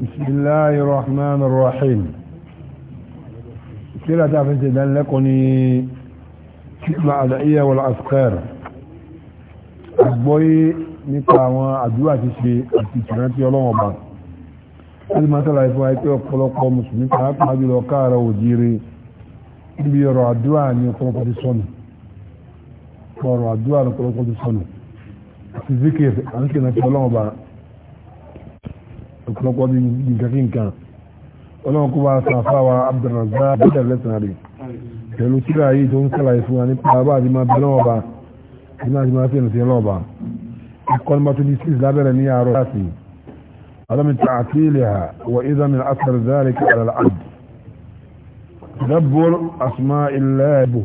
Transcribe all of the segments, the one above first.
بسم الله الرحمن الرحيم كلا تعرف أن لكني مع الأية والأذكار أبوي nípa àwọn àdúrà ti ṣe àti ìtìrántí ọlọ́wọ̀n bá ẹni máa tọ́lá ìfún àìpé ọ̀pọ̀lọpọ̀ mùsùlùmí pàápàá jùlọ káàrọ̀ òjìire níbi ọ̀rọ̀ àdúrà ní ọ̀pọ̀lọpọ̀ ti sọnù ọ̀rọ̀ àdúrà ní ọ̀pọ̀lọpọ̀ ti sọnù àti zikir àti ìtìrántí ọlọ́wọ̀n bá lọ́pọ̀ bí nǹkan kí nǹkan ọlọ́run kó bá sàfáwà Abdulrazak bídà lẹ́sìn àrè pẹ̀lú síra yìí tó ń sàlàyé fún wa nípa bá àti máa bẹ lọ́wọ́ bá àti máa ti máa fẹ́nu sí lọ́wọ́ bá ẹ̀kọ́ ní bàtú ní six lábẹ́rẹ̀ ní àárọ̀ láti عدم تعطيلها وإذا من أثر ذلك على العبد تدبر أسماء الله به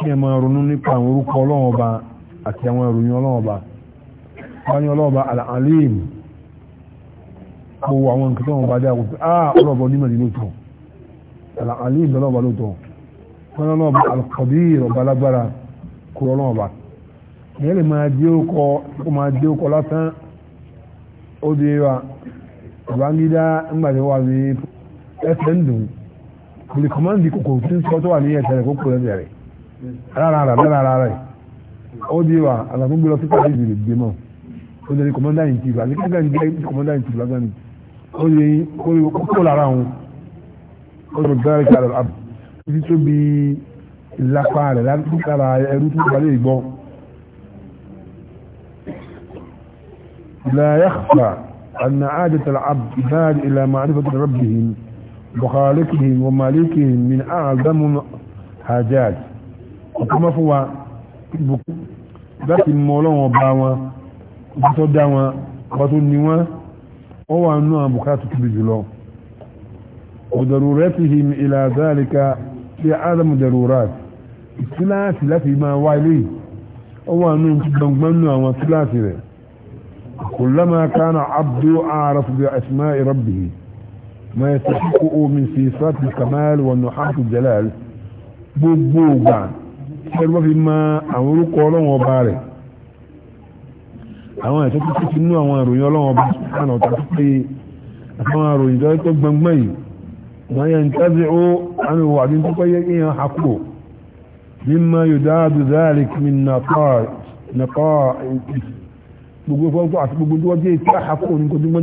كما رنوني كان ركو لوبا أكيما رنو لوبا كان يلوبا العليم mo wo àwọn nǹkan tí bá dé àkókò ah ọlọ́ọ̀bọ onímọ̀ ní lóòótọ́ àlè ìbẹ̀rẹ̀ ọba lóòótọ́ wọn náà bá àkọ́bí ọba lágbára kúrọ́ náà bá ìyẹn lè máa dé ọkọ ó máa dé ọkọ lásán ó di wa ìbángídá ńgbà tí wọ́n wà ní ẹsẹ̀ ń dùn kò lè kọ́mọ́ndì kòkò tí ń sọ tó wà ní ẹsẹ̀ rẹ̀ kó kúrò ẹsẹ̀ rẹ̀ rárá rárá rárá rẹ̀ ó di wa àlàfo gbé lọ sí pàdé ìbìlì gbé mọ́ ó lè kọ́mọ́ndà yìí ti ìbá ní kíkà ń jẹ́ kọ́mọ́ndà yìí ti ìbá gan-an oye kókó lára wọn ọdún gbẹ́rẹ́ kí àrùn àbù títí tó bí ìlápá rẹ̀ lára ẹrú tó wà lè gbọ́ لا يخفى أن عادة العباد إلى معرفة ربهم وخالقهم ومالكهم من أعظم حاجات وكما فوا ذات المولون وباوا وتدوا وتنوا هو أنه بكاتك بجلو وضرورتهم إلى ذلك في عالم ضرورات الثلاث التي ما والي هو أنه تبنغمنه وثلاث كلما كان عبد أعرف بأسماء ربه ما يستحقه من صفات الكمال والنحاة الجلال بوبوغا كما فيما أمرك ولن وبارك àwọn ẹ̀ṣẹ́ tó ti nú àwọn ìròyìn ọlọ́wọ́ bá sùpánà ọ̀tà tó pé àwọn ìròyìn tó tó gbẹngbẹ́ yìí wọ́n yẹn ń tẹ́sí ó àmì wà ní tó pẹ́yẹ kí yẹn hakó mímọ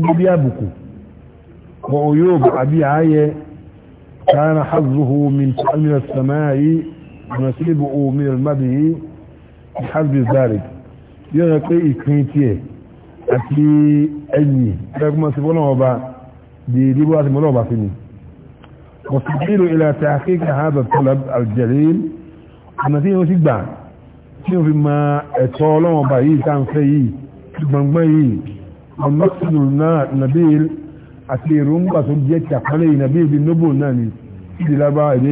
yòdá ní kojú yóò bá كان حظه من من السماء ونصيبه من المدي بحسب ذلك yóò yẹ pé ìpín tiẹ̀ àti ẹ̀yìn ẹgbẹ́gbọ́n sí fọ́nà ọba di ìdíbò àti mọ́nà ọba sí ni mọ̀síkìlò ilẹ̀ àti àkíkà ààbẹ̀ tọ́lá àjẹ̀lẹ́ ọ̀nà tí wọ́n sì gbà tí wọ́n fi ma ẹ̀tọ́ ọlọ́wọ́n ọba yìí tá à ń fẹ́ yìí gbọ̀ngbọ́n yìí ọ̀nà sínú náà nàbíl àti èròǹgbà tó jẹ́ tàpálẹ̀ yìí nàbíl bí nóbò náà ni ìdílábà ìdí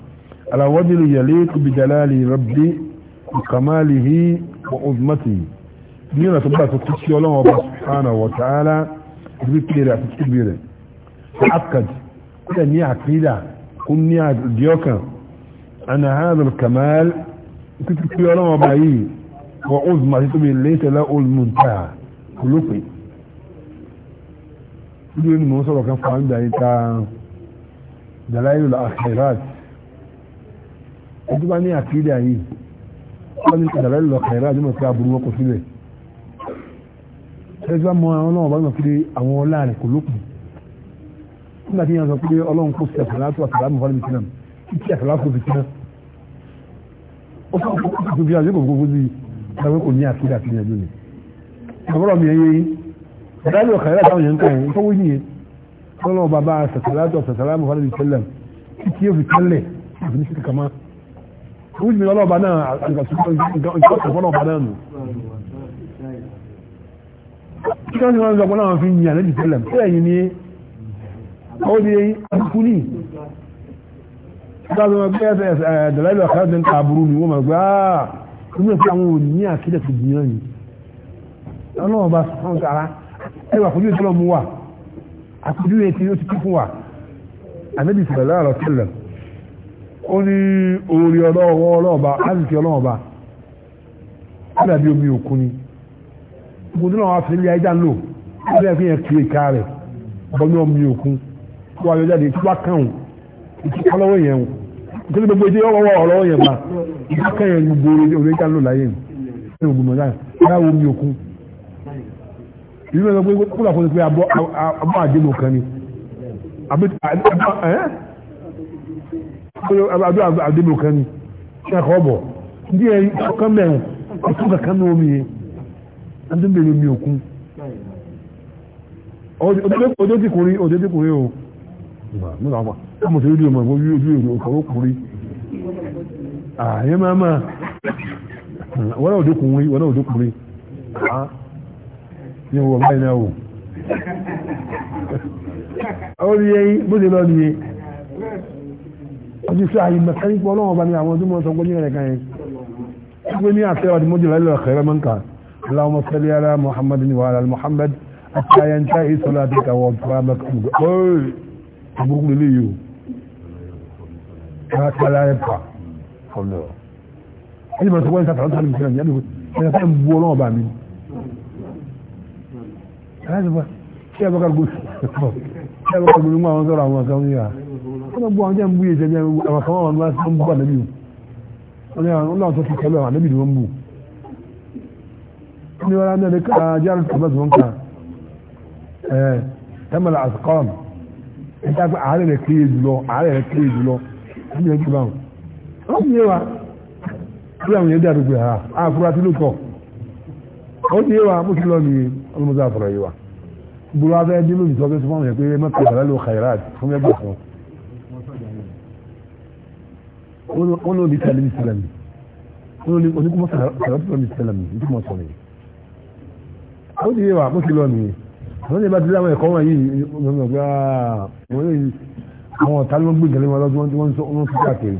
على وجه يليق بجلال ربي وكماله وعظمته نينا تبقى تتكي الله سبحانه وتعالى تبقى تتكبير تعقد كده نية عقيدة كن نية ديوكا أنا هذا الكمال تتكي الله بعيه وعظمة تبقى ليس له المنتهى كلفي يقول إن موسى كان فعلا دلائل الأخيرات ẹjú bá ní àkídà yìí wọ́n ní ìdàrẹ́ lọ kàìrá àjọmọ̀ pé aburú ọkọ̀ sílẹ̀ ẹjú bá mọ àwọn ọlọ́run bá mọ̀ pé àwọn ọlá rẹ̀ kò lókun nígbà tí yẹn sọ pé ọlọ́run kò sẹ̀fẹ̀ látò àtàlámù fọ́lẹ́ bìtì náà ìtì àtàlámù bìtì náà ó fọ́ kó fi àjọkọ̀ ni ọ̀rọ̀ mi ẹyẹ yìí ìdàrẹ́ lọ kàìrá àtàwọn yẹn ń kàn bàbá sẹ̀fẹ̀ látò àtàlámù fọ́lẹ́ bìtì náà ìtì fi kálẹ̀ àfi ní kúrú mi ọlọ́ọ̀bá náà àgbàsọ́gbọ́nọ̀bá náà nù kí wọ́n ti wọ́n zọpọ̀ náà fi yìn àlẹ́dì tẹ́lẹ̀ tí ẹ̀yìn ni ó di àkúkú ní ìgbàgbọ́ pé dàlẹ́lẹ̀ ọ̀kadà ń kàbúrú ni wọ́n mọ̀ pé áà kí wọ́n fi àwọn òní àkídẹ̀ tó jìnnà ni ọlọ́ọ̀bá sọ́n sára ẹwà fojú ìtọ́lọ́mú wà àkójú ètí ó ti kú fún wa àlẹ́dì tẹ́lẹ̀ ó ní orí ọlọ́wọ́ ọlọ́ọ̀bá áìsì ọlọ́ọ̀bá ádàbí omi òkun ni gbogbo náà wá fi ilé ajá lò ilé ẹ̀fín yẹn kiri ká rẹ̀ bọ́nú omi òkun tó wà yọjáde tó wá kàn ìtúkọ́ lọ́wọ́ yẹn o nítorí gbogbo ìdí ọwọ́ ọlọ́wọ́ yẹn bá ìtúkọ́ kàn yẹn gbogbo orí ajá lò láyé ní ogun mọ̀lá yá omi òkun ìlú mẹ́ta pé kúlà àdó àdébò kan ni ṣe àkọ́ ndí ẹ̀ ọ̀kan bẹ̀rù ọ̀tún kankan ní omi yẹn àti bẹ̀rẹ̀ omi òkun ọjọ́ ti kùnrin ọjọ́ ti kùnrin o nígbà wà mo ti rí ọmọ mo rí ojú èmi ọkọ̀ ó kùnrin ààyè máa máa wọ́n náà òjò kùnrin wọ́n náà òjò kùnrin ní wọ́n báyìí náà o ó rí ẹyin bó ti lọ nìyẹn ọjọ́ sí àyè mẹ́kẹ́rin pọ̀ ọlọ́wọ́ bá ní àwọn ọdún mọ́sán gbọ́jú rẹ̀ kan yẹn wípé ní àṣẹ àti mọ́jú lálẹ́ ọ̀kẹ́rẹ́ mọ́ǹkà اللهم صل على محمد وعلى محمد حتى ينتهي صلاتك وقامك اوي مبروك ليو حتى لا يبقى الله اي ما تقول انت تعود على المسلمين يعني انا فاهم بولون بقى مين هذا بقى كيف بقى القدس كيف بقى القدس ما انظر على ما كان wọ́n gbọ́ àwọn jẹ́ ń bú yé jẹ́bi àwọn kan wọn láti ń bú ànábì o wọ́n ní àwọn náà tó fi kẹ́lẹ́ àwọn ànábì ni wọ́n bú ní wọ́n ní ẹ̀ka járe tó bẹ́sẹ̀ wọn kà ẹ̀ tẹ́mẹ̀lá àsìkọ́m níta pé àárẹ̀ rẹ̀ kéré jùlọ àárẹ̀ rẹ̀ kéré jùlọ ẹ̀mí rẹ̀ kíba wọn. wọ́n ti yé wa bí àwọn yẹn dí àdúgbò yà á afurasí ló tọ̀ wọ́n ti yé wa mo ti lọ ní ọlọ́mọdé àfọ̀rọ̀ yìí wa gbogbo afẹ́ dín lóbi sọ pé sọ fún àwọn yẹn pé mẹ́ta ìbàlẹ́ ló kàyẹ́rà fún mẹ́gbà fún wọn wọ́n ní olùkọ́ alẹ́ bisílẹ̀ mi wọ́n ní oníkùmọ̀ sàrọ́tìmọ̀ bisílẹ̀ mi nítorí sọ̀rọ̀ yìí. ó ti yé wa kó lọ nìyẹn àwọn ìbá ti rí àwọn wọn yìí wọ́n mọ̀ pé àwọn ah, yìí àwọn ọ̀tá ni wọ́n gbé ìgbẹ́lẹ́ wọn lọ́dún wọ́n sọ wọ́n sọ káàkiri.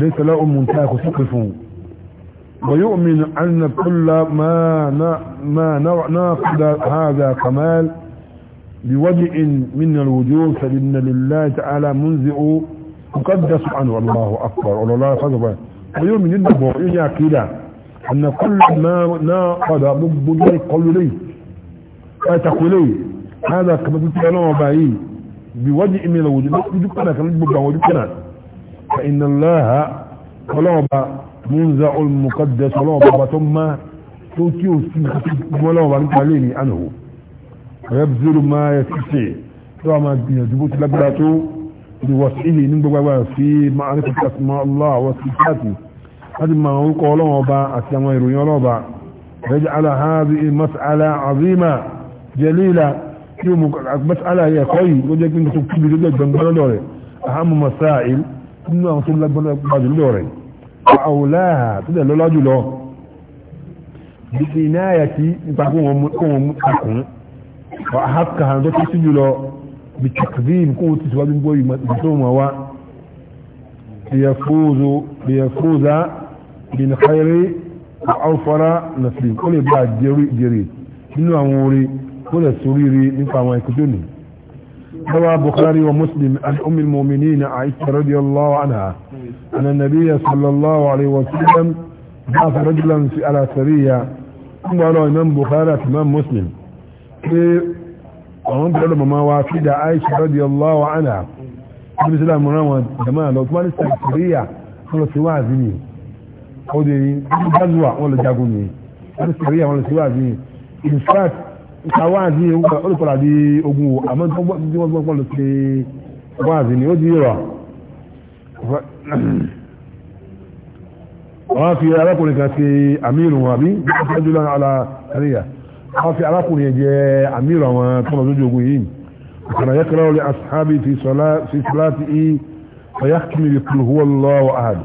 ليس له منتهى كسقف ويؤمن أن كل ما ما ناقض هذا كمال بوجع من الوجوه فإن لله تعالى منزئ مقدس عنه الله أكبر والله فضبا ويؤمن النبو يعقل أن كل ما ناقض ضب يقول لي أتقول لي هذا كما قلت أنا بعي بوجع من الوجوه يجبنا كان يجبنا وجبنا فإن الله طلب منزع المقدس ولو بابا ثم توتيو سيخ ولو بابا عنه ويبذل ما يستطيع وما يجبوت لبلاته لوسعه نبغى في معرفة أسماء الله وصفاته هذا ما هو قوله وبا أسماء يروي يجعل هذه مسألة عظيمة جليلة يوم مسألة هي قوي وجاك من تكتب لك بنبلا دوري أهم مسائل إنه أصول لك بنبلا دوري وأولاها تدل لولا جلو بكناية تكون مكون مكون wa haka hàn tó kí sí jùlọ bí takzim kó o ti síwájú gbọ́ ìmọ̀tòmọ̀ wa liyafuza bin khairi wa awfara naslim kó lè bá a jèrè nínú àwọn orí kó lè soríire nípa àwọn ìkójó ni روى بخاري ومسلم عن ام المؤمنين عائشه رضي الله عنها ان النبي صلى الله عليه وسلم بعث رجلا على سريه ثم روى امام بخاري امام مسلم pé ọ̀run bẹ̀rẹ̀ lọ mọ̀mọ́ wa fi da aisha radiyallahu anha níbi sílá mọ̀rán wọn jama'a lọ tó wá ní sàkíríyà wọn lọ sí wáàzí ni ó dé ní gazuwa wọn lọ jagun ni wọn lọ sàkíríyà wọn lọ sí wáàzí ni in fact nka wáàzí ni ó lè padà di ogun wo àmọ́ tí wọ́n gbọ́n lọ sí wáàzí ni ó di rọ̀ wọ́n fi arákùnrin kan ṣe àmì àbí wọ́n fi ẹjọ́ lọ́nà àlà àríyà àwọn fi arákùnrin ẹ̀jẹ̀ àmìrò àwọn tọ́nà lójú ogun yìí ọ̀kànà yẹ́ kẹrọ lè asáàbì fi sọ́lá ti í ọ̀yá kìí lè kúrò huwa Allahu ahad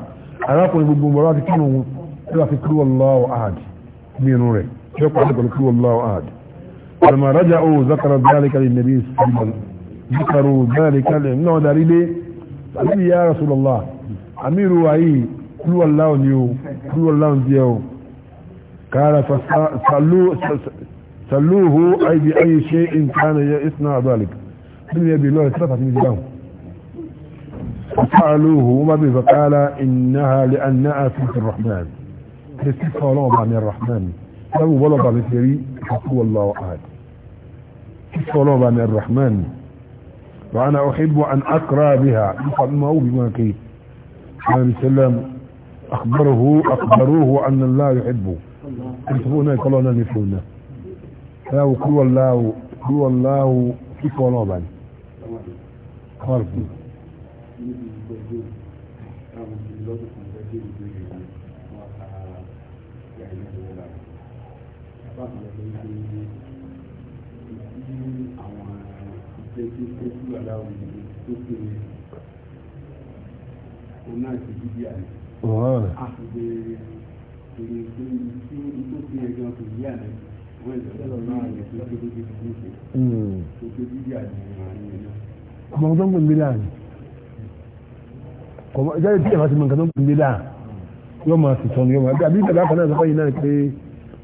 arákùnrin gbogbo mọ̀rọ̀ ti kírun tó fi kúrò Allahu ahad ní inú rẹ̀ tí ó pàdé pẹ̀lú kúrò Allahu ahad ọ̀nàmà rájà ó zakara dhalika lè nàbí sàlmàn zakaru dhalika lè náà darí dé àbí ya Rasulullah àmìrò ni ó kúrò díẹ̀ ó kára sàlú سلوه أي بأي شيء كان يثنى ذلك من يبي الله ثلاثة من جلهم فسألوه وما به فقال إنها لأنها سنة الرحمن تستفى ولغة عن الرحمن لو له ولغة بسري هو الله أحد تستفى ولغة عن الرحمن وأنا أحب أن أقرأ بها يقال ما هو بما كيف النبي صلى الله عليه وسلم أخبره أخبروه أن الله يحبه يحبونه يقولون أن يفعلونه láwo kúrò láwo kúrò láwo kíkọ́ ọlọ́ọ̀bà ni kọ́ọ̀lù Ọ̀hún. Àti bèèrè ìrìn tó ń tó tó yí àná. Hmm. ọmọ tó ń pè ń bílà ni kọ̀mọ́ ìjáde tí ìyàwó ti mọ nǹkan tó ń pè ń bílà yóò máa sì sọnù yóò máa bí àbí ìjàdá kan náà sọ fẹ́yìn náà pé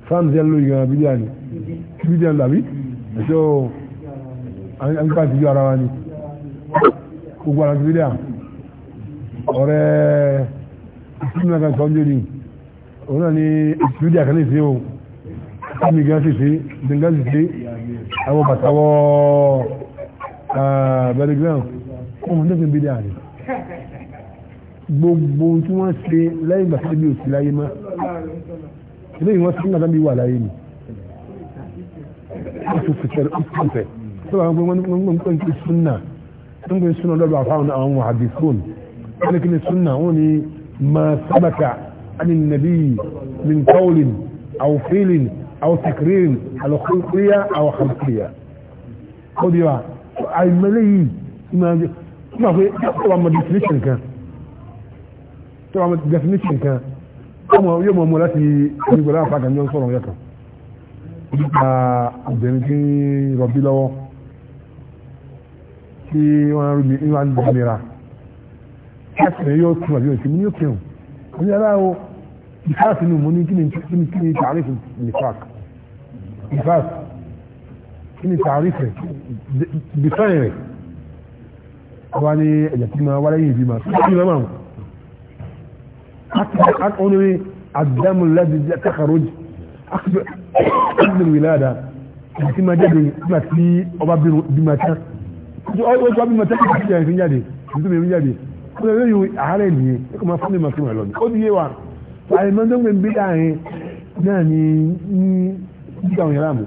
fáàmù yẹn lóyún àwọn bílíà ni bílíà ni àbí ẹ̀ṣọ́ àgbà àtijọ́ ara wa ni gbogbo àwọn bílíà ọ̀rẹ́ ìsinmi náà kan sọ́njú ni òun náà ni bílíà kan ní ìsinmi ní gáàsì sí ní gáàsì sí àwọn bàtàwọ̀ bẹ̀rẹ̀ ground wọ́n mọ̀ nígbà bídá rẹ̀ gbogbo tí wọ́n ṣe lẹ́yìn ìgbà tí ó sì láyé má ilé ìwọ̀n sí nígbà tí wà láyé ni ó sì fi tẹ̀lé ọ̀pọ̀ tẹ̀ tó bá wọn pé wọ́n ń pè súnà ń pè súnà lọ́dọ̀ àfáwọn àwọn àbí fóònù wọ́n ní kí ni súnà wọ́n ní ma sábàkà عن النبي من قول أو فعل او تكرير على خلقية او خلقية خذ يا اي ملايين ما ما في طبعا ما ديفنيشن كان طبعا ما ديفنيشن كان يوم يوم مولاتي يقول انا فاكر يوم صورهم ياك obìnrin rọ̀bí lọ́wọ́ tí wọ́n rí ní wọ́n ń mìíràn ẹ̀sìn yóò tún àbí òsì mú ní òkè hàn ní ara o ìfáàsì nù mú ní kí ni tààrífù nìfàkì ìfàs kí ni tàrífẹ̀ bìtọ́yìn rẹ̀ wá ní ẹ̀jẹ̀ tí máa wáyé ìbí máa tó kí lọ́mọ̀ àwọn onírí àdámù lẹ́dí tẹ́kàrójì akẹ́bẹ̀rẹ̀ ìlàdà ẹ̀jẹ̀ tí máa jáde nígbà tí ọba bímọ tán ó sọ bímọ tán kí ìyá ìfín jáde ìdúmọ̀ ìfín jáde ó lè lóyún àárẹ̀ nìyẹn ó kò بدعة ويرامه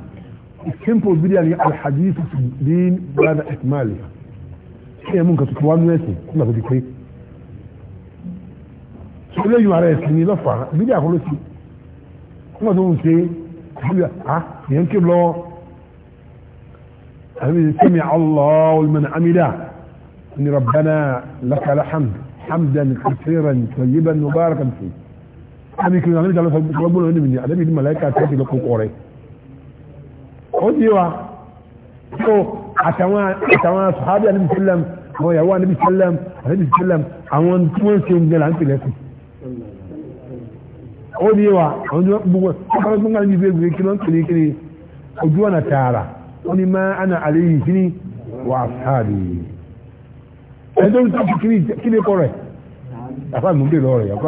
السيمبل بدعة الحديث في الدين بعد إكماله هي ممكن تتوان ناسي ما بدي كريك سؤال يجب على يسلمي لفع بدعة خلصي ما تقول شيء ها ينكب له سمع الله ولمن عمله ان ربنا لك الحمد حمدا كثيرا طيبا مباركا فيه أنا كنا نعمل على ربنا مني أنا بدي ملاك أتحدي لكم قريب ó wa so àtàwọn àtàwọn sàhábì àti bisalem àwọn ìyàwó àti bisalem àti bisalem àwọn tí wọ́n ṣe ń gbẹ là lẹ́sìn ó wa àwọn tí wọ́n gbogbo ọkọ̀ tó ń gbàgbé ìgbé ìgbé ń ojú ọ̀nà tààrà ó ní máa ana àlejò kí ni wà kiri kọ́ rẹ̀ ń yàtọ̀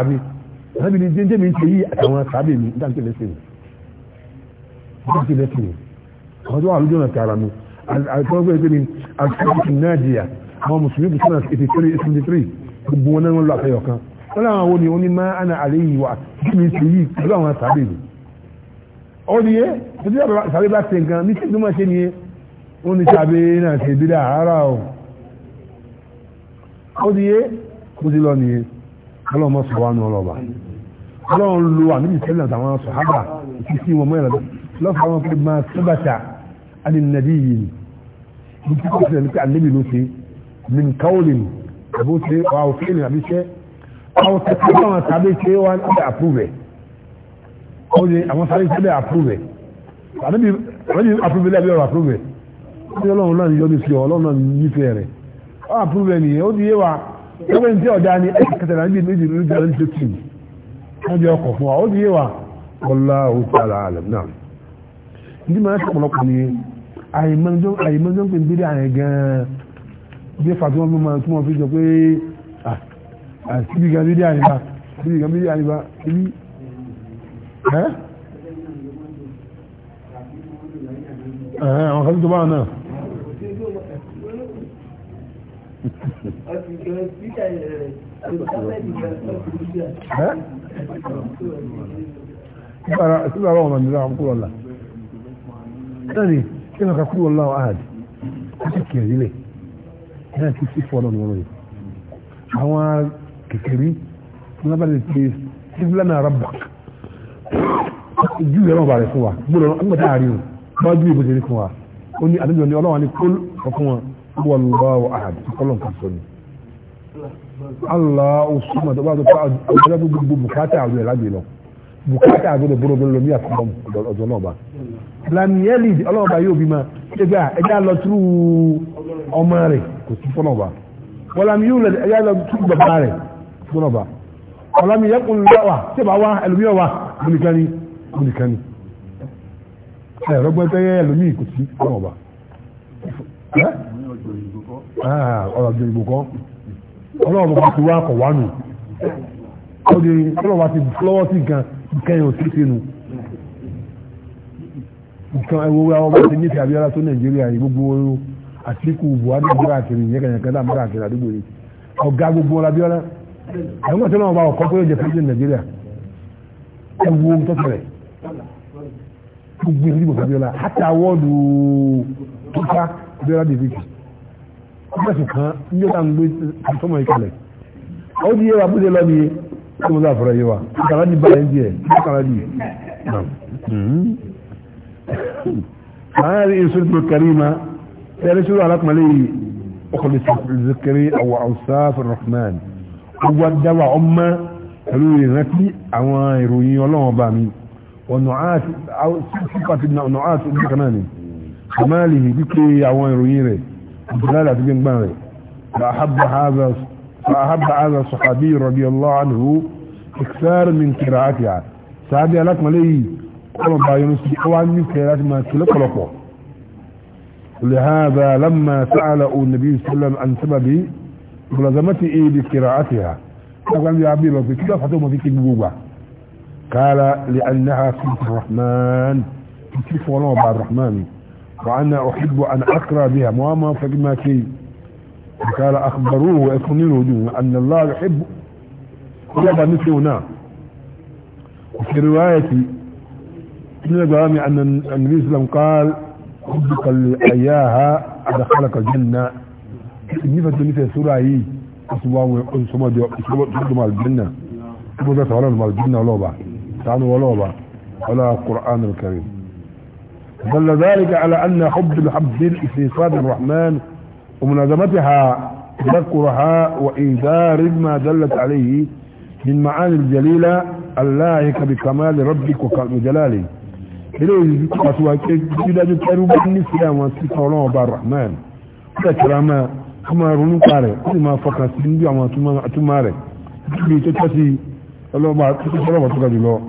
àbí àbí ni mi ń ṣe yí àtàwọn mi wọ́n ti lẹ́sìn àwọn tó wà lójú ọ̀nà tààrà nù àtọ́gbẹ́ ẹgbẹ́ ni àtúntò nàìjíríà àwọn mùsùlùmí bùsùn náà eighty three eighty three gbogbo wọn náà ń lọ àfẹyọ kan wọn làwọn àwọn ni wọn ní máa ana àlẹ́ yìí wà kí ni ṣe yìí pẹ̀lú àwọn àtàbí mi. ó ní yé títí àbí bá ṣe nǹkan ní títí máa ṣe nìyẹn wọn ní sábẹ́ náà ṣe bí dáhàrá o. ó ní yé kó ti lọ nìyẹn ọlọ́run mọ̀ sọ wa nù ọlọ́ba ọlọ́run lo àníbi sẹ́lẹ̀ àtàwọn sọ̀hábà ìfísí wọn mọ́ ìrẹ̀lẹ́ lọ́fà wọn pé máa sábàtà alìnàbí yìí ní kíkọ́ sílẹ̀ ní pé àlébì ló ṣe min kaulin àbó ṣe wà òfin àbí ṣe àwọn tẹ̀sí àwọn tàbí ṣe wà ní àpúrẹ̀ ó ní àwọn sáré sílẹ̀ àpúrẹ̀ àlébì àpúrẹ̀ lẹ́bí ọ̀rọ̀ àpúrẹ̀ ó ní ọlọ́run náà yọ ní sí ọlọ́run náà nífẹ̀ẹ́ rẹ̀ ó àpúrẹ̀ nìyẹn ó di yé wa ẹgbẹ́ ní tí ọ̀dà ni ẹ̀ wallahu ta'ala alam náà ndí mọ̀ láti ọ̀pọ̀lọpọ̀ ni àìmọ́jọ́ pé bídí àyẹ̀ gan-an bí ẹ̀fà tí wọ́n fi máa túmọ̀ fi jọ pé síbi gan bídí àyíká síbi gan bídí àyíká ibi ẹ́ àwọn kan tó bá náà Síbára ọmọ ìlú àwọn kúrò náà náà kí wọn kà kúrò wallahu ahad wọn ti kì í rí lẹ náà ti sí fọlọ ní wọn yìí àwọn kékeré wọn bá lè pe sífìlà náà rọba ju yẹn wọn bá rẹ fún wa gbọdọ wọn gbọdọ àárín o wọn ju ìbòsí rí fún wa ó ní àdéjọ ní ọlọ́wọ́n ní kúl sọ fún wọn wallahu ahad fọlọ nǹkan sọ ni. Allah ó tó bá tó pa àjọyọ̀ gbogbo bùkátà agbọ́dọ̀ bọrọ bọrọ lomi àfọwọm ọjọ́ náà ba lamieli ọlọ́run ba yóò bí ma ẹgbẹ ẹgbẹ lọ turu ọmọ rẹ̀ kò sí fọlọ ba wọlami yóò lẹ ẹgbẹ lọ turu bàbá rẹ̀ fọlọ ba wọlami yẹ kun lọ wa tí ba wa ẹlòmíyọ wa gbónikani gbónikani ẹ rọgbẹtẹ yẹ ẹlòmíyì kò sí fọlọ ba ẹ ọ̀rọ̀ ìgbò kan ọlọ́run bá ti wá kọ̀ wánu ó di ti lọ́wọ́ sí nǹkan nǹkan yóò sí sínú nǹkan ẹwọ́ àwọn ọmọ ti nífẹ̀ẹ́ Abíọ́lá tó Nàìjíríà yìí gbogbo ooru Àtíkù Buhari gbúra àkèrè ìyẹn kẹ̀yẹ̀kẹ́ náà múra àkèrè àdúgbò yìí ọ̀gá gbogbo ọlá Abíọ́lá àwọn ọmọ tó náà wà ọkọ pé ó jẹ president Nàìjíríà ẹwọ́ ohun tó fẹ̀rẹ̀ gbogbo ìdíbò Abíọ́lá àti àwọ́ọ̀dù tuta Abíọ́lá dèbìkì ọgbẹ́sùn kan ní ó kí mo dáa fọ̀rọ̀ yìí wa kàrà ní báyìí díẹ̀ kàrà ní ààrẹ ìṣòro karima ẹ̀rẹ́ ṣòro alákùnrin yìí ọkùnrin zikiri àwọn ọ̀sáfì rahman ọgbà dáwà ọmọ pẹ̀lú ìrántí àwọn ìròyìn ọlọ́wọ́n ọba mi ọ̀nà àti sípàtì ọ̀nà àti ọdún kan náà ni kàmáàlì kíkẹ́ àwọn ìròyìn rẹ̀ ìdílé àti gbẹ̀ngbà rẹ̀ bàhábà hábà فأحب هذا الصحابي رضي الله عنه اكثر من قراءتها صحابي لك ملي قال با يونس اوان قراءات ما كله كلكلكو لهذا لما سأل النبي صلى الله عليه وسلم عن سبب ملازمته إيه بقراءتها قال يا عبد الله كيف فتوما فيك بوبا قال لأنها صفة الرحمن كيف ولو بعد الرحمن وأنا أحب أن أقرأ بها مواما فقما كيف قال أخبروه وأكمني الهجوم أن الله يحب كل ما مثلنا وفي رواية ابن الجوامع أن النبي صلى الله عليه وسلم قال حبك إياها أدخلك الجنة نفت مثل سورة هي أصبحوا مع الجنة أصبحوا سورة مع الجنة ولا بعد تعالوا ولا بعد ولا القرآن الكريم دل ذلك على أن حب الحب في صفات الرحمن ومنظمتها ذكرها وإنذار ما دلت عليه من معاني الجليلة اللاهقة بكمال ربك وجلاله إليه أسوأ كده جتعروا بالنسيان وانسيطة الله بالرحمن كرامة كما رونو قاري كل ما فقط سندي وما تماري كل تتسي الله ما تتسرى وتقضي له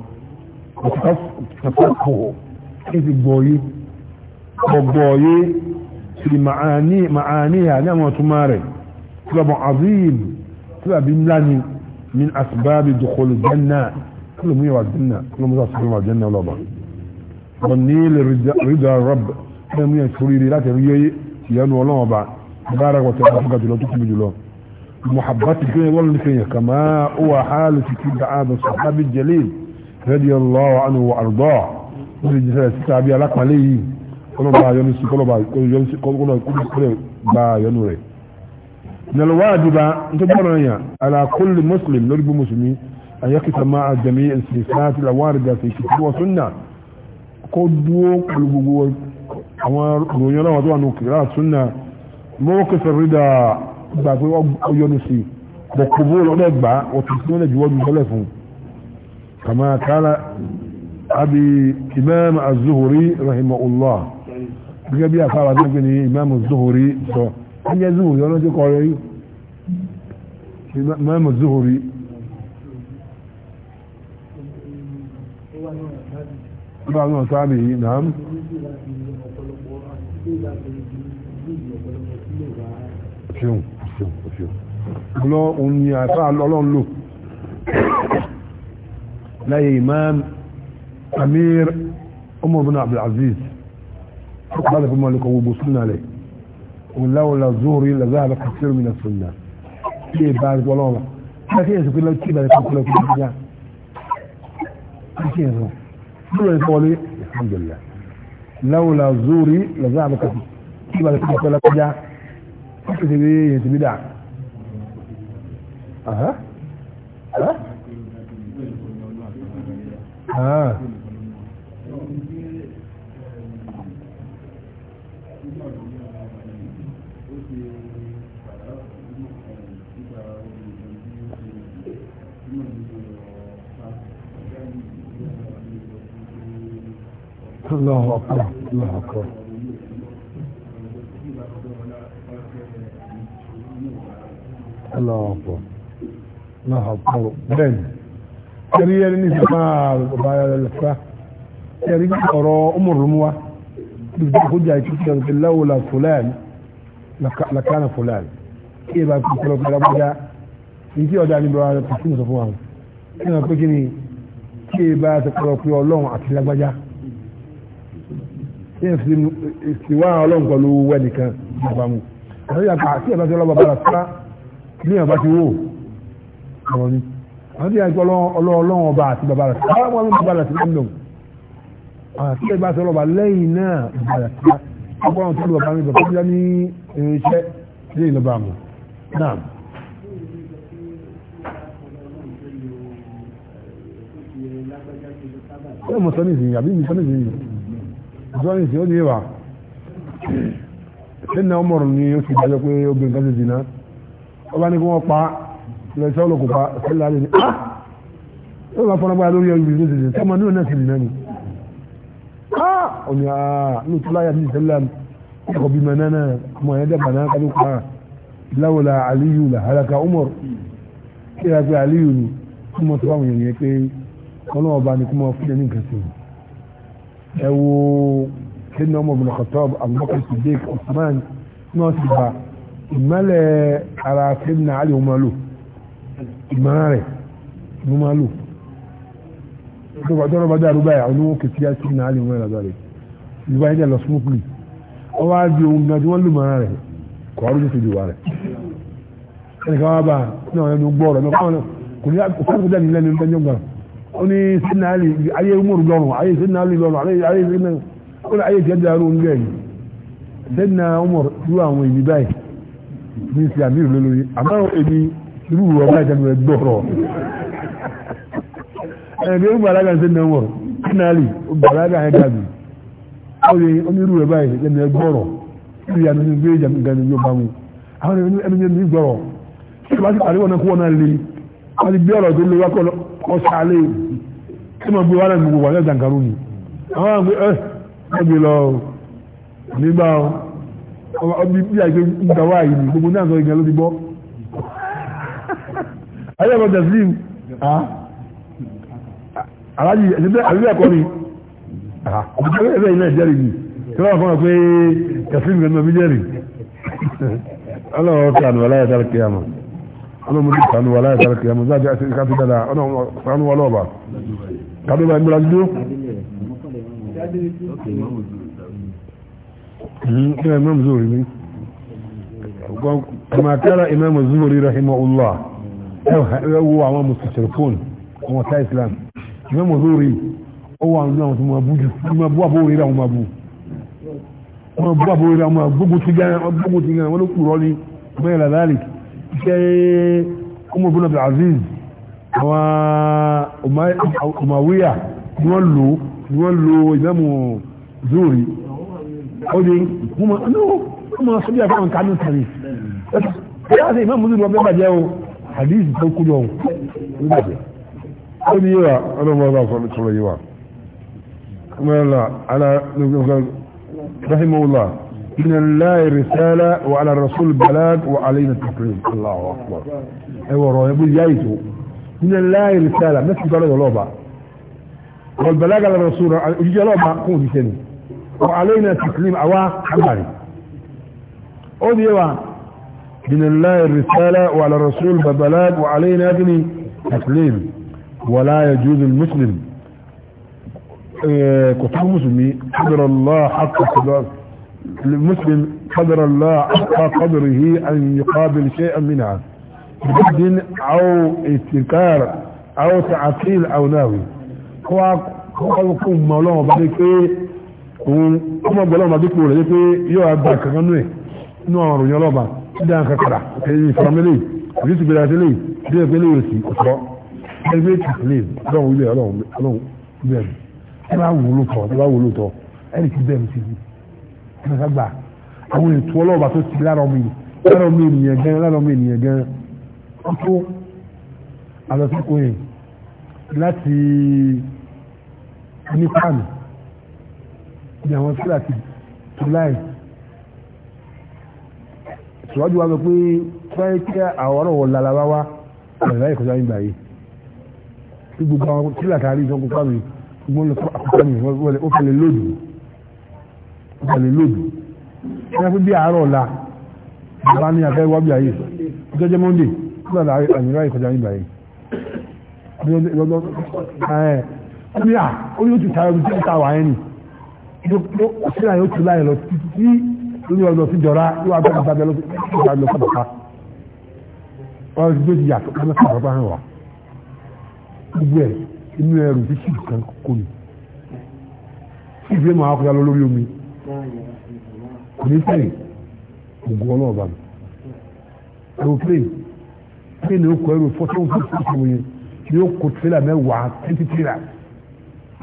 وتتفقه كيف بوي وبوي في معاني معانيها نعم تماري سبب عظيم سبب لاني من أسباب دخول الجنة كل مية والجنة كل مية سبب الجنة ولا بعض والنيل رضا الرب كل مية سريري لا تبيه ينو ولا بعض بارك وتعالى فقط لو تكتب جلو محبتي كي ولا نكيه كما هو حال في هذا الصحابي الجليل رضي الله عنه وأرضاه ورجل السابية لك مليه kọlọba ayọnu sí kọlọba ayọnu sí kọlọba kúlẹ̀ gba ayọnu rẹ̀ nàlọ́wọ́ àdìbà nítorí bọ́ọ̀rọ̀ yà alákùnlé mùsùlùm lórí bí mùsùlùmí àyẹ́kìtà máa jẹ̀mí ẹ̀sìn sáàtì làwọn àrẹ̀dà sí ìṣèkú wọn súnà kó dúró pẹ̀lú gbogbo àwọn ròyìn ọlọ́wọ́ tó wà ní òkèèrà súnà mọ́wọ́kẹsẹ̀ rídà gbà pé ọyọnu sí bọ̀kùbó lọ́dẹ̀gbà ọ̀tún tí wọ́n lè juwọ́ ju bọ́lẹ̀ fún kàmá kálá abi imam az-zuhri rahimahullah gẹ́gẹ́ bí àfáà wọn gbé ní ìmáàmù zuhuri sọ ẹjẹ́ zuhuri ọ̀nà tí kọ́ rẹ̀ yìí ìmáàmù zuhuri ọba náà sáàbì yìí náà ṣeun ṣeun ṣeun lọ òun ni àfáà ọlọ́run lò láyé imam amir umar bin abdulaziz هذا في مالك هو بسنة عليه ولولا الزهري لذهب كثير من السنة كيف بعد ولا ما لكن يسوي لو كيف بعد كل كل حاجة لكن هو كل يسوي الحمد لله لولا الزهري لذهب كثير كيف بعد كل كل حاجة كيف تبي تبي دع أها أه Allahu akbar Allahu akbar. Allahu akbar Allahu akbar bẹ́ẹ̀ni ẹ̀rí ẹni ní ìsìnkú ọba ẹ̀lẹ́fà ẹ̀rí ọ̀rọ̀ ọmọrùnmúwa kó jẹ́ àìkúkú ẹ̀rí lawla fulan lakana fulan kí ẹ bá kú kúrò pẹ̀lú ọgbọ́dá ní tí ọ̀dá níbi ọ̀rọ̀ pàṣẹ mọ̀sọ̀ fún wa kí ẹ bá kúrò pẹ̀lú ọlọ́run àti lágbájá ìsìnwá ọlọ́run pẹ̀lú wẹ́nìkan ìbámu àti àpá àti ẹ̀bá tí ọlọ́ba bára sára ní ọba ti wò ọ̀rọ̀ ni àti àjọ ọlọ́run ọba àti bàbá rẹ̀ sára wọn ní bàbá rẹ̀ sí lọ́dọ̀ àti ẹ̀bá tí ọlọ́ba lẹ́yìn náà bàbá rẹ̀ sára ọgbà wọn tó lọ bàbá mi bàbá tó ní irinṣẹ́ ní ìlọba àmọ́ náà. ṣé mo sọ ní ìsìn yàbí mi sọ ní ìsìn yìí ìjọ́rin sí ó ní ìwà ṣe ọmọrùn ni ó sì dájọ́ pé obìnrin kan ti dìná ó bá ní kí wọ́n pa lọ iṣẹ́ olókùn pa sílẹ̀ àdé ní á ah! ó bá fọ́nà báyà lórí ẹrù ìlú ìdíje sọ́mọ nínú náà sì ni á ah! ó ní á ah! ní tó láyà bíi sẹ́lẹ̀ ẹ̀kọ́ bíi mẹ́ná náà ọmọ yẹn dẹ́gbà náà kájú pa láwọlá aliyu là halaka umar kí ẹ pé aliyu ni ọmọ tó bá wọn yẹn pé ọlọ́wọ́ bá ní kí wọ́n fún ẹ ní ẹ wo sẹ́ni ọmọ ibn Khattab Abubakar Siddiq Usman náà ti bá ìmọ̀lẹ̀ ara sẹ́ni Ali umalu ìmọ̀ràn rẹ̀ umalu tọ́rọ bá dárú báyìí àwọn olówó kìtìyà sẹ́ni Ali umalu àgbàrẹ̀ ìgbà yẹn lọ smoothly wọ́n wá di ohun gan tí wọ́n lù mọ́ra rẹ̀ kọ́ ọ́rọ́ tó ti wà rẹ̀ ẹnìkan wá bá náà ẹnu gbọ́ ọ̀rọ̀ náà kọ́ ọ̀rọ̀ kò ní àkókò dání lẹ́nu lẹ́nu gbà oni sinna ali aye umur lọ́rùn aye sinna ali lọ́rùn aye sinna ó láyé jẹ́ dàrú ń gẹ̀yìn sinna umur irú àwọn èyí báyìí ní ti àmì ìlú lórí àmọ́ èmi irú ìwọ báyìí tẹnu ẹ gbọ́rọ̀ ẹ̀ẹ́dẹ́ ó gbàlágà sinna umur sinna ali ó gbàlágà ẹ̀ gàdù ó lè omi irú ẹ báyìí tẹnu ẹ gbọ́rọ̀ irú ìyá nínú gbé ìjà nínú yóò bá mu àwọn ẹni ẹni gbọ́rọ̀ ṣé ìbá ti pàdé wọn náà kó wọn wọ́n ti bí ọ̀rọ̀ tó lé wákọ̀ ọ̀sálẹ̀ tí mo gbé wálẹ̀ gbogbo wàlẹ̀ dàǹkarú ni àwọn àgbẹ̀ ẹ̀ ẹgbẹ̀ lọ nígbà ọbí bí àgbẹ̀ gbà wá yìí ni gbogbo náà sọ ìgbà ló ti bọ́ ayé ọmọ tẹ̀sílìm aláàjì ẹ̀sẹ̀ àbíbẹ̀ ẹ̀kọ́ ni ọ̀pọ̀ ẹ̀fẹ̀ ilẹ̀ ìjẹ́rìí ni tí wọ́n fọ́n pé tẹ̀sílìm gẹ̀ẹ́nà mi jẹ́rìí ọlọ́wọ́ kí àná ọláyà sáré ana mu duk kanu wala ya tara kiyama za ta ka fi dala ana kanu wala ba ka do ba mura du ina imam zuhri ne kuma kara imam zuhri rahimahullah yau wa ma mustashrifun kuma ta islam imam zuhri o wa nuna mu abuju ma bu abu ira mu abu ma bu abu ira mu abu gugu tigana gugu tigana wani kuroli mai la iṣẹ́ Umar bin Abdul Aziz àwọn Umawiya ni wọ́n lò ni wọ́n lò ìmáàmù Zuhri ó di Umar ní ọmọ sọ́bí àfihàn kánú sàrí ẹ̀yà sí ìmáàmù Zuhri ọbẹ̀ bàjẹ́ o hadith tó kú jọ ń bàjẹ́ ó di yíwa ọlọ́mọ ọlọ́ àfọlù tọrọ yíwa mẹ́rin ala rahimahullah من الله رسالة وعلى الرسول بلاغ وعلينا التكريم الله أكبر ايوه رويبو جايزو من الله رسالة نفس الدولة يلوبا والبلاغ على الرسول وجيجي يلوبا قوم سنة وعلينا التكريم أوا حماري قول يوا من الله الرسالة وعلى الرسول ببلاد وعلينا ابني تكريم ولا يجوز المسلم كتاب مسلمي حضر الله حق قدر للمسلم قدر الله أبقى قدره أن يقابل شيئا منها بجد أو اتكار أو تعطيل أو ناوي هو قلقكم مولانا بذلك ọmọ ọgbọ̀lọ́ ọmọdé kúrò rẹ̀ pé yóò àgbà kankan nú ẹ̀ nú àwọn òròyìn ọlọ́ba dáa kankara ẹ̀yìn ìfaramẹ́lẹ̀ ìlú ti gbéra sílẹ̀ bí ẹgbẹ́ lè sí ọ̀tọ́ ẹgbẹ́ ti sílẹ̀ ọlọ́run ilé ọlọ́run bẹ́ẹ̀ ẹ bá wúlò tọ́ ẹ bá wúlò tọ́ ẹ lè ti bẹ́ẹ̀ mi sí i ẹ̀ka gbà àwọn ètò ọlọ́ọ̀bà tó ti lára ọmọ ènìyàn lára ọmọ ènìyàn gan lára ọmọ ènìyàn gan ọtún àlọ́síkò yẹn láti nípàmì ní àwọn sílà ti tó láì tìwájú wa sọ pé fẹ́ẹ́ kí àwọn ọ̀rọ̀ wọ̀ lálàbá wa àlàyé ìkọjá yín gbà yìí tí gbogbo àwọn sílà tààrí ìṣọ́nkú pàmì gbogbo ń lọ mi wọ́n fẹ́ẹ́ lè lóòdù ìgbàlè lòdù ẹgbẹ́ fún bí àárọ̀ ọ̀la bàbá ní abẹ́ wábí ayé jọjọ́ monday nígbà láàrin àyìnrà ìkọjá nígbà yìí ọdún yà ó yóò ti tayọ tí ó ta wà ẹni síra yóò ti láyẹ lọ títí lórí ọdún sí jọra yóò wá bẹ́ẹ̀ bàbá lọ sí ìgbà lọ sábàká wọ́n ti tó ti yà kọ́kọ́ lọ́sọ̀ àbábá hàn wá gbogbo ẹ̀ inú ẹrù tí sì kan kò ní ìgbé máa kọjá lọ lórí omi kò ní pẹ́yì ògùn ọlọ́ọ̀bà mi aeroplane plane ni ó kọ ẹrù fọ́tí ó fún ìṣòwò yẹn ni ó kó tírélà mẹ́wàá twenty tírélà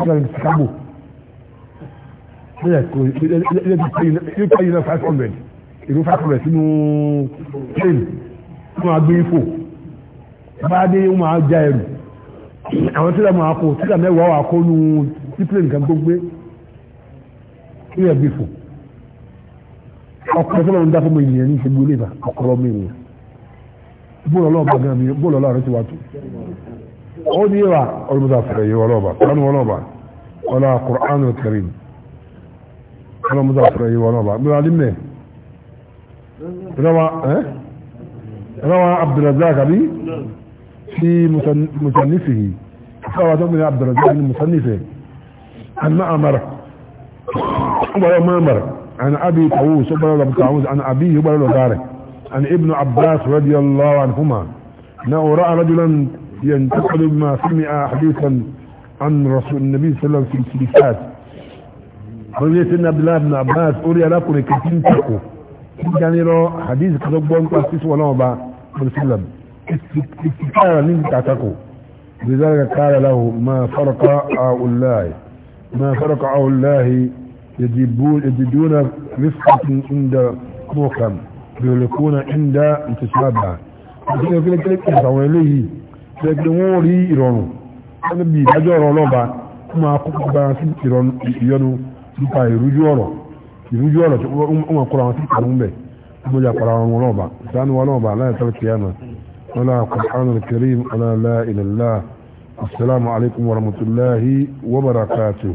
ọ̀gá ní Chicago ilé ìpàdé náà five hundred èrò five hundred sínú plane fún agbé ifo bá dé wọn máa já ẹrù àwọn tírélà máa kó tírélà mẹ́wàá wà kó nu tí plane kan gbogbo kí ẹ bí fò ọkùnrin tó lọ ń dá fún mi yìnyín ní ìṣègùn olè ọkùnrin mi yìnyín bóòlù ọlọ́ọ̀bà gan mi bóòlù ọlọ́ọ̀rẹ́ ti wá tó ó ní wa olùmọ̀tà fẹ̀rẹ̀ yìí ọlọ́ọ̀bà kánú ọlọ́ọ̀bà ọlọ́ Al-Qur'anul Karim olùmọ̀tà fẹ̀rẹ̀ yìí ọlọ́ọ̀bà mi wà ní mẹ́ rawa Abdurrazzaq àbí fi musannifihi fáwọn tó ń bẹ Abdurrazzaq ní musannifihi an ma'amara عمر مامر عن أبي طاووس عن أبيه بارك عن ابن عباس رضي الله عنهما انه راى رجلا ينتقل بما سمع حديثا عن رسول النبي صلى الله عليه وسلم في الكلفات رضي سيدنا عبد الله بن عباس اوري لكم كثير تقو كان يرى حديث كتب بون قاسيس ولا با صلى الله عليه وسلم استكارا من تعتقو لذلك قال له ما فرق اولاه ما فرق اولاه يجدون رفقة عند موقم يغلقون عند انتسابها ìṣẹ́ òkèlè kéré kí àwọn eléyìí tẹ́ pé wọ́n rí ìrọ̀rùn wọ́n bí ìdájọ́ ọ̀rọ̀ ọlọ́ba tó máa kókó bá wọn sí ìyọnu nípa ìrújú ọ̀rọ̀ ìrújú ọ̀rọ̀ tó wọ́n kóra wọn sí ìkànnì bẹ̀ tó bójú àpàrà wọn ọlọ́ba ìdánu wọn ọlọ́ba aláìsàn tó kìí àná wọn náà kọ́ àwọn kẹrìm aláàlá ìlàlá assalamu alaikum warahmatullahi wabarakatuh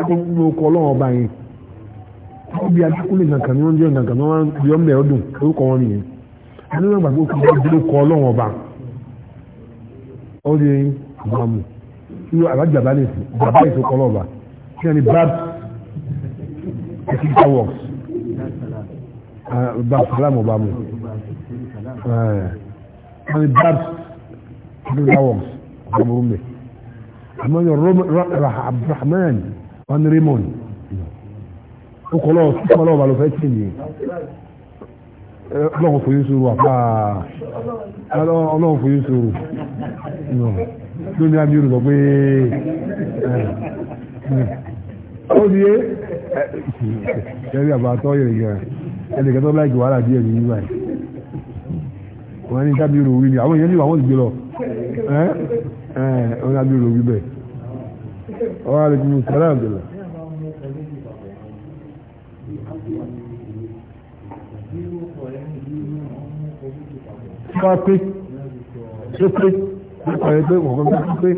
ẹkọ ní okọ ọlọ́wọ́ ọba yẹn wọ́n bí adékúlé nàkàn ní wọ́n jẹ́ nàkàn ní wọ́n yọ mẹ́ ọdún orúkọ wọn nìyẹn ẹni wọ́n gbàgbé okọ ọdún okọ ọlọ́wọ́ ọba ọdún yẹn àbámu irú àbájá bá lè sùn bàbá ìsokọ ọlọ́ọ̀ba kí ah, eh, wọ́n ní bad ethical works bá sàlámù ọba mu wọ́n ní bad ethical works ọba mu rúmbẹ̀ àmọ́ yọ rahman wọ́n ní Raymond ó kọ́ lọ́wọ́ sí ọmọ lọ́wọ́ balùwẹ̀ tí nìyẹn ọlọ́wọ́ fòye sòrò àpá ọlọ́wọ́ fòye sòrò lónìí o yorùbá pé ó ní ẹ̀rí àbátọ́ yẹ̀rẹ̀ yẹ̀rẹ̀ ẹnìkan tó láìkì wàhálà díẹ̀ ní ìgbà yìí wọ́n ní tábìlì òwúrí ni àwọn èèyàn ní àwọn ìgbé lọ ẹ́ ẹ́ wọ́n ní tábìlì òwúrí bẹ́ẹ̀ wa alaikum salaam dùlọ. pé tó pé nípa ẹ pé wọ́n gbọ́dọ̀ pé.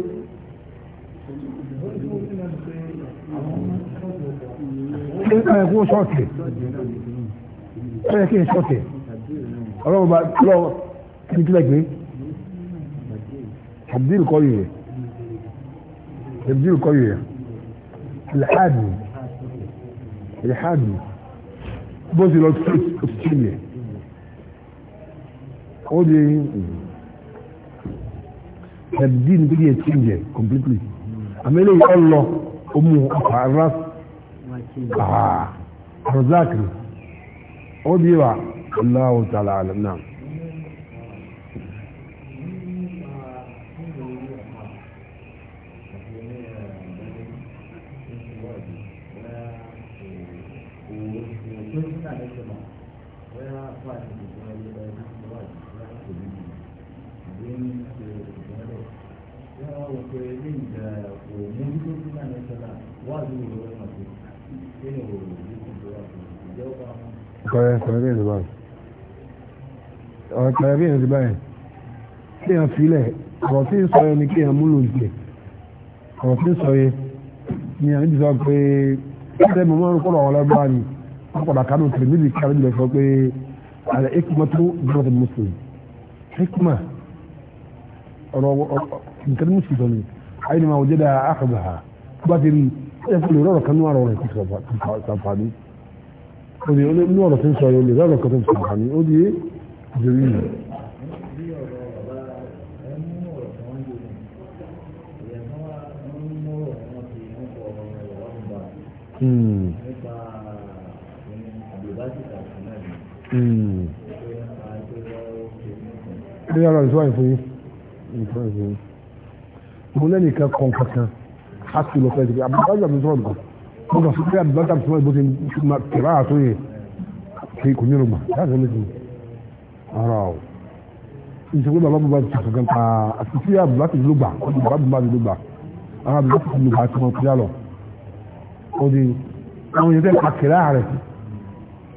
nípa ẹ kó sọ́ọ̀tì ó yẹ kí n sọ́ọ̀tì ọlọ́run bá lọ́wọ́ kí n kílẹ̀ gbé àbdíl kọ́ yìí rẹ̀. يبدو القوية الحادي الحادي بوزي لو تسوت أستراليا ودي تبدين بيجي تشينج كومبليتلي الله أمه أقع الراس آه رزاكري ودي الله تعالى أعلم نعم ọ̀rọ̀ kẹrẹ bí èèyàn ti báyìí kí èèyàn filẹ̀ ọ̀rọ̀ tí ń sọ yẹn ni kí èèyàn múlò jẹ ọ̀rọ̀ tí ń sọ yẹn ni àní ti sọ pé ṣé mo máa ń kọ́ ọ̀rọ̀ lọ́gbà ni wọ́n padà kánú tèmi níbi kí àlejò sọ pé àlẹ́ ekuma tó gbọ́dọ̀ tó mùsùlùmí ekuma ọ̀rọ̀ nǹkan mùsùlùmí sọ ni ayé ni máa wọ́n jẹ́ dáa àkàbà bá ti rí ẹ̀ fún mi rọ̀rọ̀ kanú àrọ̀ rẹ̀ kò sàǹfààní ó di olóòrò tó ń sọ yẹn olè rọ̀rọ̀ kan tó ń sàǹfààní ó di lórí yìí. ní ọ̀rọ̀ ìṣúwáyé fún mo lẹ́nu ìkan kan kankan a sì lọ fẹ́ẹ́ àbúrò àbúrò sọ̀rọ̀ nǹkan mo kà fún pé àbúrò àbúrò sọ̀rọ̀ bó ṣe máa kẹ̀rọ àtúnyẹ̀ kí kò ní ọ̀rọ̀ láti ọ̀rọ̀ mi ara o ìṣègùn bàbá bàbá ti kankan pa àtúntí àbúrò ti ló gbà ó di bàbá bàbá ti ló gbà ara àbúrò ti ló gbà ti wọn kúrẹ́ lọ ó di àwọn yẹn tẹ́ àkèrè ààrẹ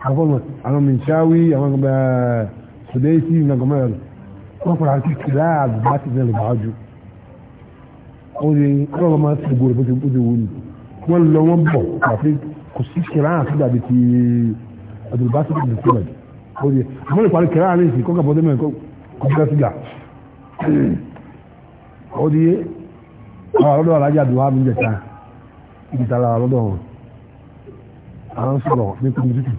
àwọn àwọn mìíṣáwí àwọn ọmọ ṣùdẹ́sì nàgọ́mọ́ ẹ̀rọ wọ́n fara ti kèrè àbúrò ti lè bàá ju ó di ọlọ́run ọmọ ti gbòòrò bó ti bó ti wù ní wọ́n lọ wọ́n bọ̀ àti kò sí kèrè àti dàbí ti àdùbásí ti lè sílẹ̀ oye àwọn ìparí kẹrẹ àárín ìsìn kọ́kà bọ́dé mẹ́rin kọ́kà sígà ó di yé àwọn ọlọ́dọ̀ alájà dùn áàmì jẹta ìgbìtara ọlọ́dọ̀ wọn àwọn sọ̀rọ̀ ní kùn tútù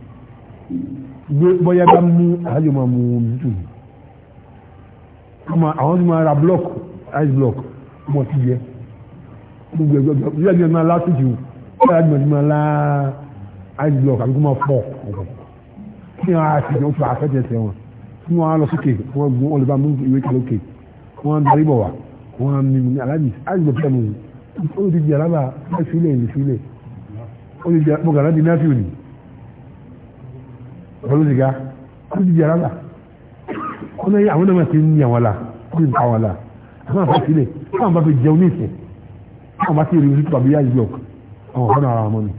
gbé bọ́yá bá mú alájọ máa mú omi tútù àwọn tí máa ra block ice block mọ̀ sí jẹ gbogbo ẹgbẹ́ ọjọ́ ìgbẹ́ máa lá tútù ó yà jùmọ̀ sí máa lá ice block àbíkú máa fọ́ ọ̀gbọ̀n kí wọn àti ìjọ fún àfẹjẹsẹ wọn tí wọn lọ sókè wọn gun olùbá mú ìwé kalókè wọn darí bọ̀ wá wọn mímu ní alábì àgbẹ̀ fẹ́ mu olùdíje alábà ẹ̀sùlẹ̀ ẹ̀sùlẹ̀ olùdíje mọ̀gàlá di náfíù ni olùdíga olùdíje alábà wọn náà àwọn náà ti ń ní àwọn la wọn ń ta àwọn la àwọn àfẹ́ sílẹ̀ wọn bá fi jẹun ní ìsìn wọn bá ti rí ojú tó àbí yá ìjọ àwọn ọ̀hún ara wọn ni.